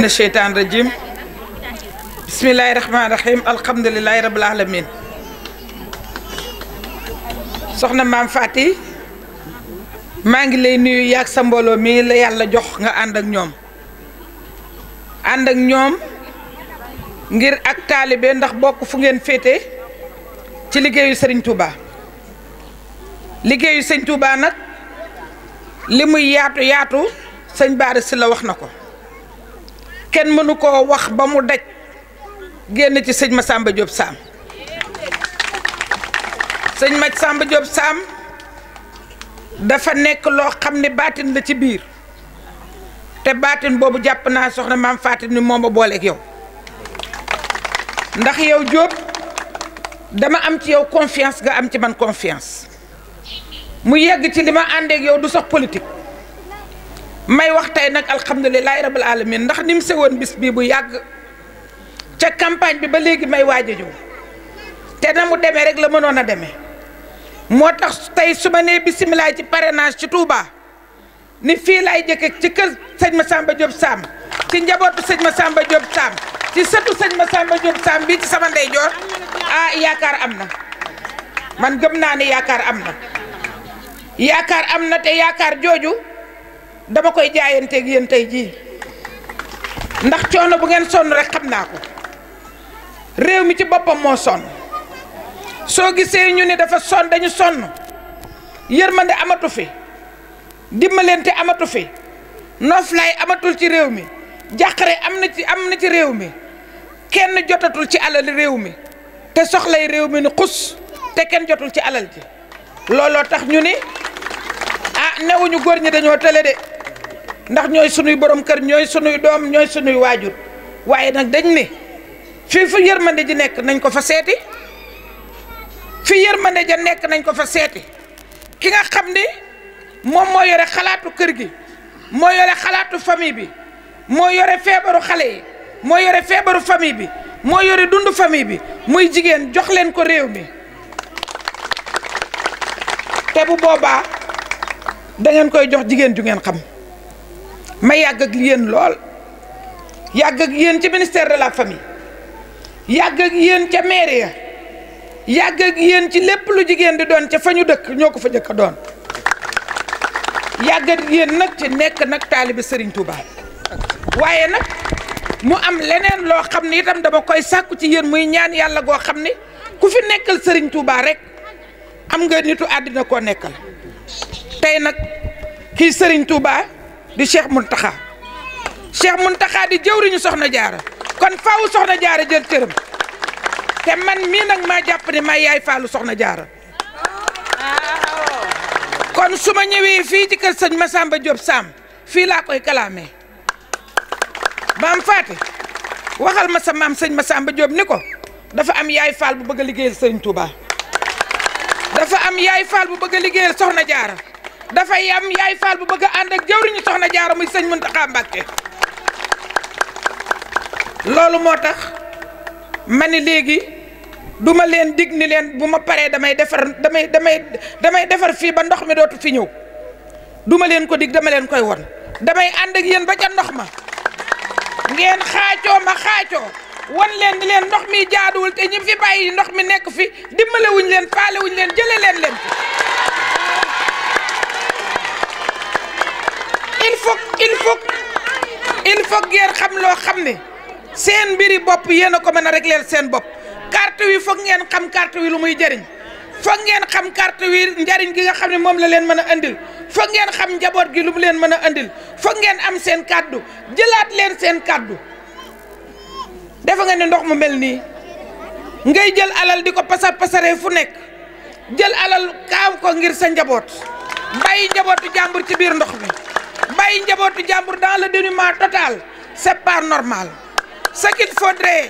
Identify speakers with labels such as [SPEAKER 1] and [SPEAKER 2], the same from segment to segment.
[SPEAKER 1] من الشيطان الرجيم بسم الله الرحمن الرحيم الحمد لله رب العالمين سخنا مام فاتي maa لي lay ياك سامبولو مي لا يالا جوخ nga ànd ak ñoom ànd ak ñoom ngir ak talibé ndax bokku fu ngeen fété ci ligéyu Serigne Touba ligéyu Serigne Touba nak limuy yaatu yaatu serigne Bara Sylla wax nako kenn mënu koo wax ba mu daj génn ci sëñ Massamba Diop Sam sëñ Massamba Diop Sam dafa nekk loo xam ne baatin la ci biir te baatin boobu jàpp naa soxna maam Faati ni moom a booleeg yow ndax yow Diop dama am ci yow confiance nga am ci man confiance mu yegg ci li ma àndeek yow du sax politique. may wax tey nag alhamdulilahi rabil alamin ndax ni mu sewoon bis bii bu yàgg ca campagne bi ba léegi may waaj a ñëw te na mu demee rek la mënoon a demee moo tax tey su ma nee bisimilah ci naa ci Touba ni fii laay jëkke ci kër sëñ Massamba Diop Samb ci njabootu sëj ma Massamba Diop Samb ci sëtu sëñ Massamba Diop Samb bii ci sama ndeyjoor ah yaakaar am na man gëm naa ne yaakaar am na yaakaar am na te yaakaar jooju. dama koy jaayanteeg yéen tey jii ndax coono bu ngeen sonn rek xam naa ko réew mi ci boppam moo sonn soo gisee ñu ni dafa sonn dañu sonn yërmande amatu fi dimbalante amatu fi nooflaay amatul ci réew mi jàqare am na ci am na ci réew mi kenn jotatul ci alal réew mi te soxlay réew mi ni xus te kenn jotul ci alal ji looloo tax ñu ni ah newuñu góor ñi dañoo tële de ndax ñoy sunuy borom kër ñoy sunuy doom ñoy sunuy wajur waye nak dañ ne fi fu yërmande ji nekk nañ ko fa séti fi yërmande ja nekk nañ ko fa séti ki nga xamni mom mo yoré xalaatu kër gi mo yoré xalaatu famille bi mo yoré fébaru xalé yi mo yoré fébaru famille bi mo yoré dundu famille bi muy jigen jox len ko réew mi té bu boba da ngeen koy jox jigen ju ngeen xam ma yàgg ak yéen lool yàgg ak yéen ci ministère de la famille yàgg ak yéen ca mairie ya yàgg ak yéen ci lépp lu jigéen di doon ca fa ñu dëkk ñoo ko fa njëkk a doon yàgg ak yéen nag ci nekk nag taalibe Serigne Touba waaye nag mu am leneen loo xam ne itam dama koy sàkku ci yéen muy ñaan yàlla goo xam ne ku fi nekkal sëriñ Touba rek am nga nitu àddina koo nekkal tey nag kii sëriñ Touba. di Cheikh muntaha Cheikh muntaha di jëwriñu soxna jaar kon faaw soxna jaar jël cëram te man mi nak ma japp ne ma yaay faalu soxna jaar kon suma ma fi ci kër sëñ Massamba job Sam fi la koy wakal bam faté waxal ma sa mam sëñ Massamba dafa am yaay faal bu bëgg ligéel Touba dafa am yaay faal bu bëgg ligéel soxna jaar dafa yam yaay faal bu bëgg a ànd ak jëwriñu soxna jaara sañ sëñ Muntaxa Mbàkke loolu moo tax ma ni léegi du ma leen dig ni leen bu ma paree damay defar damay damay damay defar fii ba ndox mi dootu fi ñëw duma leen ko dig dama leen koy won damay ànd ak yéen ba ca ndox ma ngeen xaacoo ma xaacoo wan leen ni leen ndox mi jaaduwul te ñi fi bàyyi ndox mi nekk fi dimbale leen faale leen jële leen leen il faut il faut ngeen xam lo xam ne seen biri bopp yéen ko mën régler régleel seen bopp carte wi fokh ngeen xam carte wi lu muy jëriñ fokh ngeen xam carte wi njariñ gi nga xam mom la leen mën andil fokh ngeen xam gi lu mu leen andil fokh ngeen am seen cadeau jëlaat leen seen cadeau defe nga ne ndox mu ni ngai ngay jël alal di ko pasar pasar fu nek jël alal kaaw ko ngir sa njabot bay njabootu jambur ci bir ndox mi dans le dénuement total c'est pas normal ce qu'il faudrait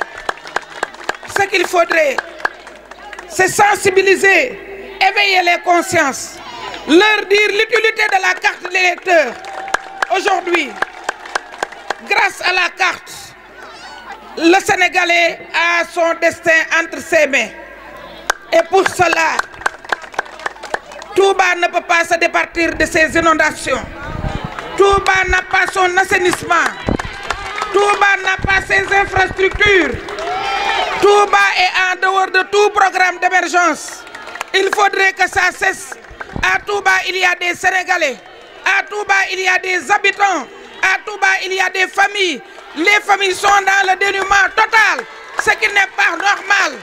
[SPEAKER 1] ce qu'il faudrait c'est sensibiliser éveiller les consciences leur dire l'utilité de la carte l'électeur aujourd'hui grâce à la carte le Sénégalais a son destin entre ses mains et pour cela Touba ne peut pas se départir de ces inondations Touba n'a pas son assainissement. Touba n'a pas ses infrastructures. Touba est en dehors de tout programme d'émergence. Il faudrait que ça cesse. À Touba, il y a des Sénégalais. À Touba, il y a des habitants. À Touba, il y a des familles. Les familles sont dans le dénuement total, ce qui n'est pas normal.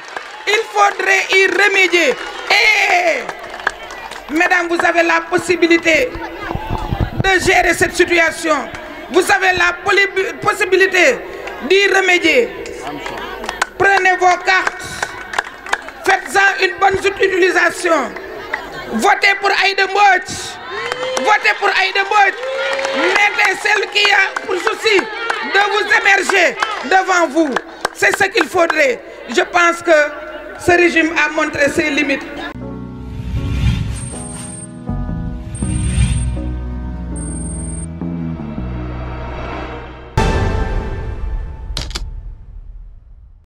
[SPEAKER 1] Il faudrait y remédier. Et, mesdames, vous avez la possibilité gérer cette situation. Vous avez la possibilité d'y remédier. Prenez vos cartes. Faites-en une bonne utilisation. Votez pour Aïda Votez pour Aïda Mettez celle qui a pour souci de vous émerger devant vous. C'est ce qu'il faudrait. Je pense que ce régime a montré ses limites.